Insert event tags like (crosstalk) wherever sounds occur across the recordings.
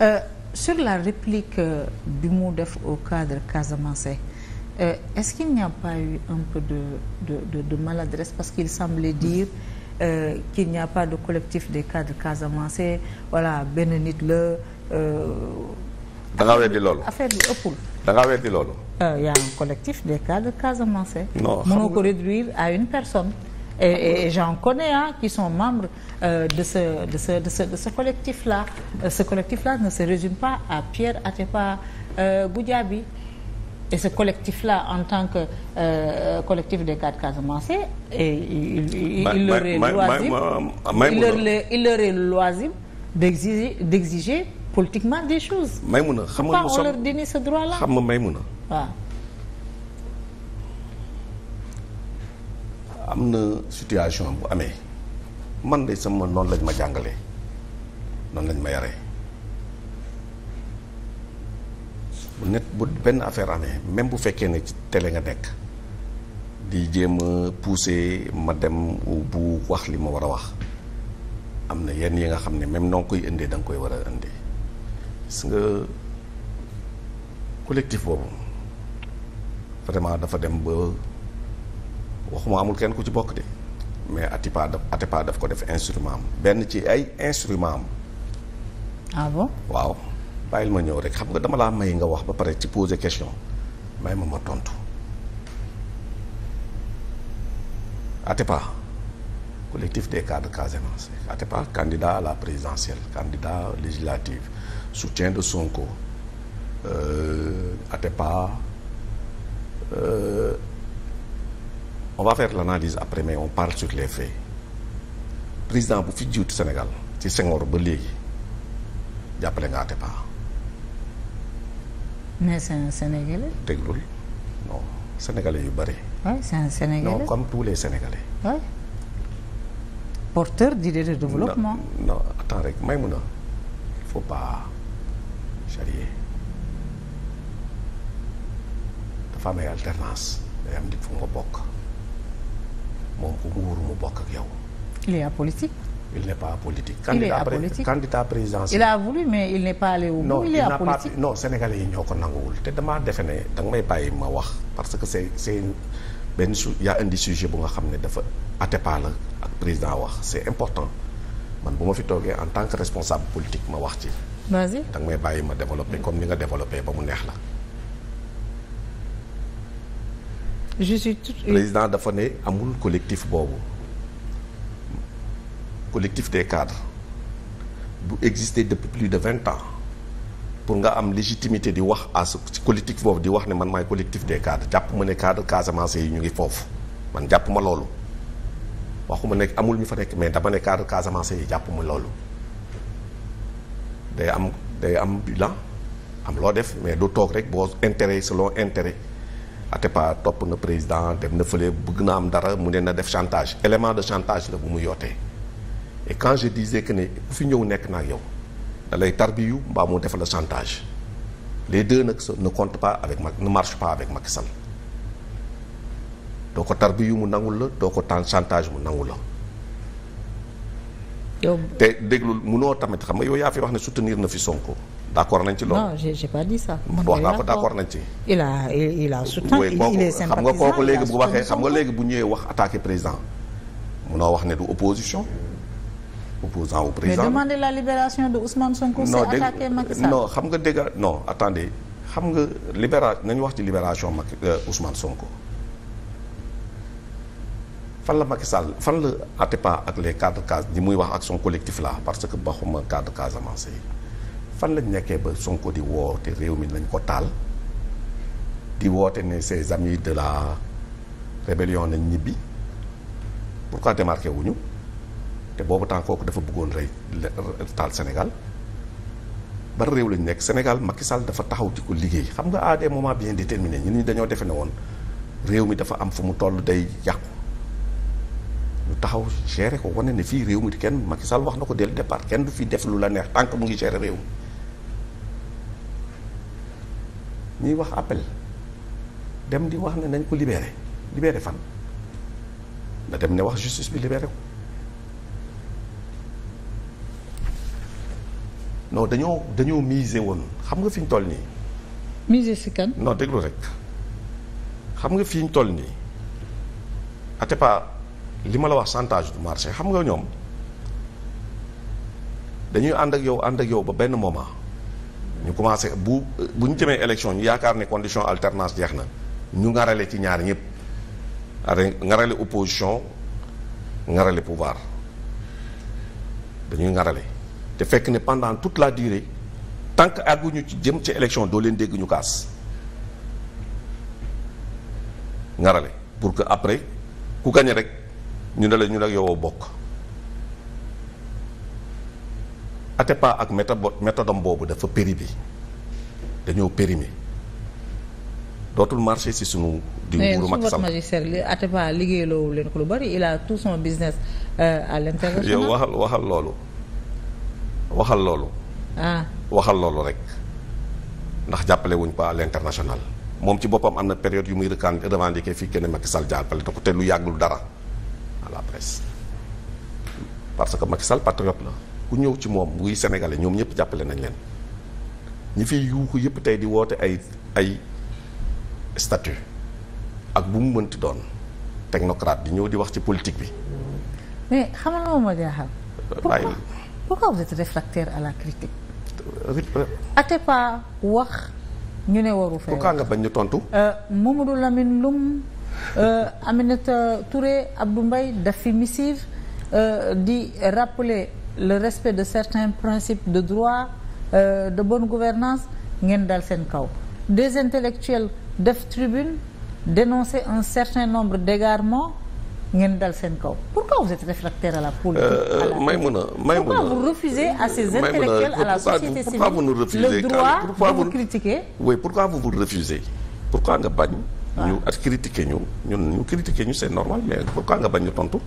Euh, sur la réplique euh, bi mu def au cadre Casamançais euh, est-ce qu'il n'y a pas eu un peu de de maladresse parce qu'il semblait dire euh, qu'il n'y a pas de collectif des cadres Casamançais voilà benn nit la. Euh, da ngaa weddi loolu affaire bi ëppul. da ngaa loolu. y a un collectif des cadres Casamançais. non mënoo réduire à une personne. et, et j'en connais hein, qui sont membres euh, de, ce, de, de, ce, de ce collectif-là. Euh, ce collectif-là ne se résume pas à Pierre Atepa euh, Boudjabi. Et ce collectif-là, en tant que euh, collectif des quatre Casamancés, il, il, ma, il, leur est ma, d'exiger politiquement des choses. Maïmouna, on leur dénie ce droit-là. Maïmouna, am na situation bu amee man de sama noonu lañ ma jàngalee noonu lañ ma yaree bu net bu benn affaire amee même bu fekkee ne ci télé nga nekk di jéem a pousser ma dem bu wax li ma war a wax am na yenn yi nga xam ne même noo koy indee danga koy war a indi gis nga collectif boobu vraiment dafa dem ba. waxuma amul kenn ku ci bokk de mais Atepa daf Atepa daf ko def instrument benn ci ay instrument am. ah waaw bàyyil ma ñëw rek xam nga dama laa may nga wax ba pare ci poser question may ma ma tontu Atepa collectif des cadres Casamance Atepa candidat à la présidentielle candidat législative soutien de Sonko euh, Atepa. Euh, on va faire l'analyse après mais on parle sur les faits président bu fi jiitu Sénégal ci Senghor ba léegi jàppale nga Atépa. mais c'est un Sénégalais. déglul non yu bari oui c'est comme tous les Sénégalais. porteur d'idées de développement. non rek may mun a il faut pas charrier dafa am ay alternance day am di fu nga bokk. ko wóor mu bokk ak yow. il est apolitique. il n'est pas apolitique. il est apolitique candidat il a voulu mais il n'est pas allé yi ñoo ko nanguwul te damaa defe ne danga may bàyyi ma wax parce que c'est c'est benn su yaa indi sujet bu nga xam ne dafa Atépa la ak président wax c'est important man bu ma fi toogee en tant que responsable politique ma wax ci. vas-y danga may bàyyi ma développer comme ni nga développer ba mu neex la. je suis tout... président dafa ne amul collectif boobu collectif des cadre bu exister depuis plus de vingt ans pour nga am légitimité di wax à ce collectif boobu di wax ne man maay collectif des cadres jàpp ma ne cadre Casamance yi ñu ngi foofu man jàpp ma loolu waxuma nekk amul ñu fa nekk mais dama ne cadre Casamance yi jàpp ma loolu day am day am bilan am loo def mais du toog rek boo yi solo intérêt Atepa topp na président dem na fële bëgg na am dara mu ne na def chantage élément de chantage la bu mu yootee et quand je disais que ne ku fi ñëw nekk naa yow da lay tarbiyu mbaa mu def la chantage les deux nag ne compte pas avec Macky ne marche pas avec Macky Sall doo ko tarbiyu mu nangul la doo ko tan chantage mu nangul la te déglul munoo tamit xam nga yow yaa fi wax ne soutenir na fi Sonko d' accord nañ ci loolu. non j' ai, j' ai pas man wax naa ko d' nañ ci. il a il a soutenu il est sympathisant xam nga kooku léegi bu waxee xam nga léegi bu ñëwee wax attaqué président noo wax ne du opposition. opposant au président mais demander la libération de Ousmane Sonko. non c'est attaquer Macky xam nga dégg non attendez xam nga libéra nañu wax ci libération Macky euh, Ousmane Sonko. fan la Macky Sall fan la Atepa ak les cadres Casamance ñi muy wax ak son collectif là parce que baxuma cadre Casamance yi. fan lañu nekkee ba Sonko di woo woote réew mi nañ ko taal di woote ne ses amis de la rébellion nañ ñibbi pourquoi wu ñu te boobu temps kooku dafa bëggoon rey taal Sénégal ban réew lañ nekk Sénégal Macky Sall dafa taxaw di ko liggéey xam nga à des moments bien déterminés ñu ñi dañoo defe ne woon réew mi dafa am fu mu toll day yàqu ñu taxaw gérer ko wane ne fii réew mi kenn Macky wax na ko dès le départ kenn du fi def lu la neex tant que mu ngi gérer réew mi ñuy wax appel dem di wax ne nañ ko libéré libéré fan na dem ne wax justice bi libéré ko non dañoo dañoo miser woon xam nga fi ñu toll nii. miser si kan. non déglu rek xam nga fi ñu toll nii Atepa li ma la wax chantage du marché xam nga ñoom dañuy ànd ak yow ànd ak yow ba benn moment. ñu commencé bu bu ñu jëmee élection ñu yaakaar ne condition alternance jeex na ñu ngarale ci ñaar ñëpp ngarale opposition ngarale pouvoir dañuy ngarale te fekk ne pendant toute la durée tant que àgguñu ci jëm ci élection doo leen dégg ñu kaas ngarale pour que après ku gañe rek ñu ne la ñu ne yow bokk Atepa ak méthode méthodam boobu dafa péri bi dañoo périmé dootul marché si sunu. di nguuru Macky Sall mais magistère li Atepa leen ko lu bari il a tout son business euh, à l'international. yow waxal waxal loolu waxal loolu. ah waxal loolu rek ndax jàppale wuñ ko à l'international. moom ci boppam am na période yu muy revendiquer fii kenn Macky Sall jàppale te ku te lu yàggul dara parce que Macky Sall la. ku ñëw ci moom buy sénégalais ñoom ñëpp jàppale nañ leen ñi fi yuuxu yëpp tey di woote ay ay statut ak bu mu mënti doon technocrate di ñëw di wax ci politique bi. mais xam nga moom moo jaaxal. pourquoi pourquoi vous êtes réfractaire à la critique. Atépa wax ñu ne waru fee. pourquoi tontu. Euh, Mamadou Lamine Loum euh, Aminata Touré Abdou Mbaye daf fi missive euh, di rappeler le respect de certains principes de droit euh, de bonne gouvernance ngeen dal seen kaw des intellectuels def tribune dénoncer un certain nombre d'égarements ngeen dal seen kaw pourquoi vous êtes réfractaire à la politique euh, euh, Maïmouna Maïmouna pourquoi vous refusez à ces intellectuels à la société civile le droit de vous critiquer oui pourquoi vous vous refusez pourquoi nga bañ ñu ak critiquer ñu ñun ñu critiquer ñu c'est normal mais pourquoi nga bañ tontu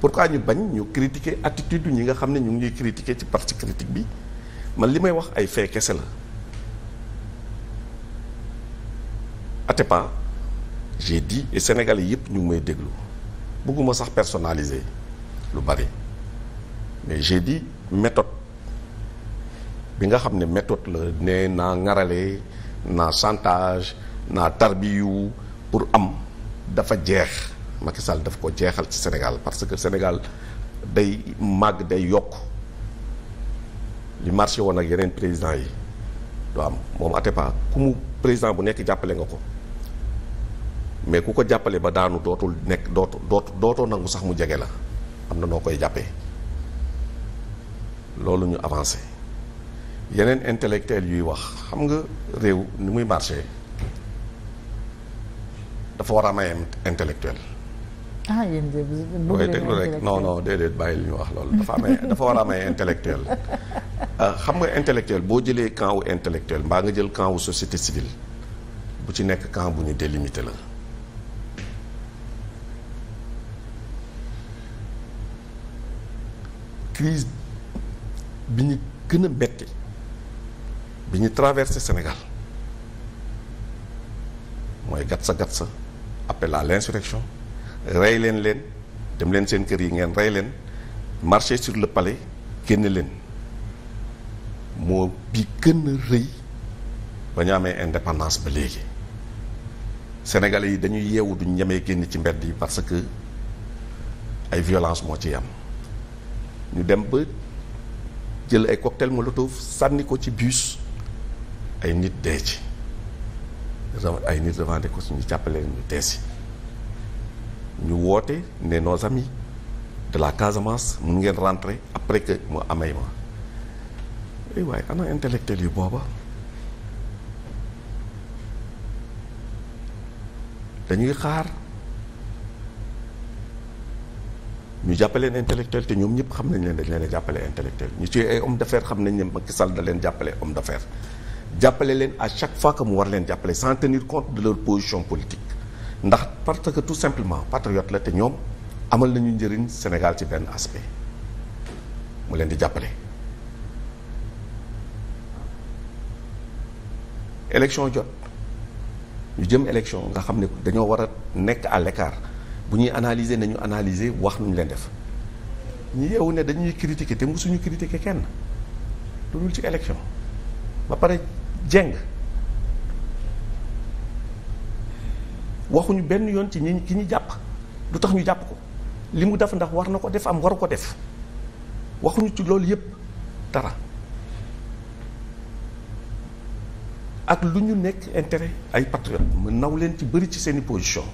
pourquoi ñu bañ ñu critiquer attitude ñi nga xam ne ñu ngi ñuy critiquer ci parti critique bi man li may wax ay fait kese la Atepa j'ai dit et sénégalais yëpp ñu may déglu bëgguma sax personnaliser lu bari mais j'ai dit méthode bi nga xam ne méthode la ne naa ŋarale naa chantage naa tarbiyu pour am dafa jeex Macky Sall daf ko jeexal ci Sénégal parce que Sénégal day màgg day yokk li marché woon ak yeneen président yi du am moom Atepa ku mu président bu nekk jàppale nga ko mais ku ko jàppale ba daanu dootul nekk dootu dootu dootoo nangu sax mu jege la am na noo koy jàppee loolu ñu avancé yeneen intellectuel yuy wax xam nga réew ni muy marché dafa war a am ay intellectuel ah yéen de déglu rek non non bàyyi lu ñu wax loolu. dafa amee dafa war a amee intellectuel (laughs) ah, xam nga intellectuel boo jëlee camp wu intellectuel mbaa nga jël kaawu wu société civile bu ci nekk camp bu ñu délimité la. crise bi ñu gën a betti bi ñu traversé Sénégal mooy sa gatsa appel à l'insurrection rey leen leen dem leen seen kër yi ngeen rey leen marché sur le palais génn leen moo bi gën a rëy ba ñu amee indépendance ba léegi sénégalais yi dañuy yeewu duñ ñemee génn ci mbedd yi parce que ay violence moo ci am ñu dem ba jël ay cocktail molotov sànni ko ci bus ay nit dee ci ay nit revendiqué ko jàppale ñu dee si ñu woote ne nos amis de la Casamance mu ngeen rentrer après que mu amee ma ay eh waaye ana intellectuel yu booba dañuy xaar ñu jàppaleen intellectuel te ñoom ñëpp xam nañ leen dañ leen a intellectuel ñu ci ay homme d'affaires xam nañ ne Macky Sall da leen jàppale homme d'affaires jàppale leen à chaque fois que mu war leen jàppale sans tenir compte de leur position politique ndax parce que tout simplement patriote la te ñoom amal nañu njëriñ Sénégal ci benn aspect mu leen di jàppale. élection jot ñu jëm élection nga xam ne dañoo war a nekk à l'écart bu ñuy analyser nañu analyser wax nu ñu leen def ñu yeewu ne dañuy critiquer te mosuñu critiquer kenn lu dul ci élection ba pare jeng. waxuñu benn yoon ci ñi ki ñu jàpp lu tax ñu jàpp ko li mu def ndax war na ko def am waru ko def waxuñu ci loolu yépp dara ak lu ñu nekk intérêt ay patriote mu naw leen ci bëri ci seeni position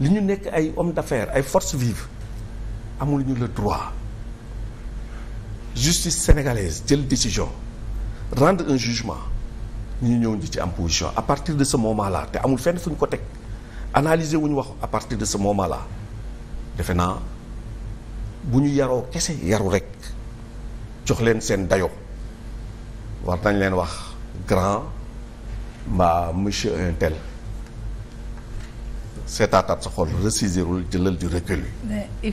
li ñu nekk ay homme d'affaires ay force vive amul ñu le droit justice sénégalaise jël décision rendre un jugement ñu ñëw ñu ci am position à partir de ce moment là te amul fenn fu ñu ko teg analyser wu ñu wax à partir de ce moment defe naa bu ñu yaroo kese yaru rek jox leen seen dayo war dañ leen wax grand mbaa monsieur un tel seetaatat sa xol ressaisirul jëlal du recul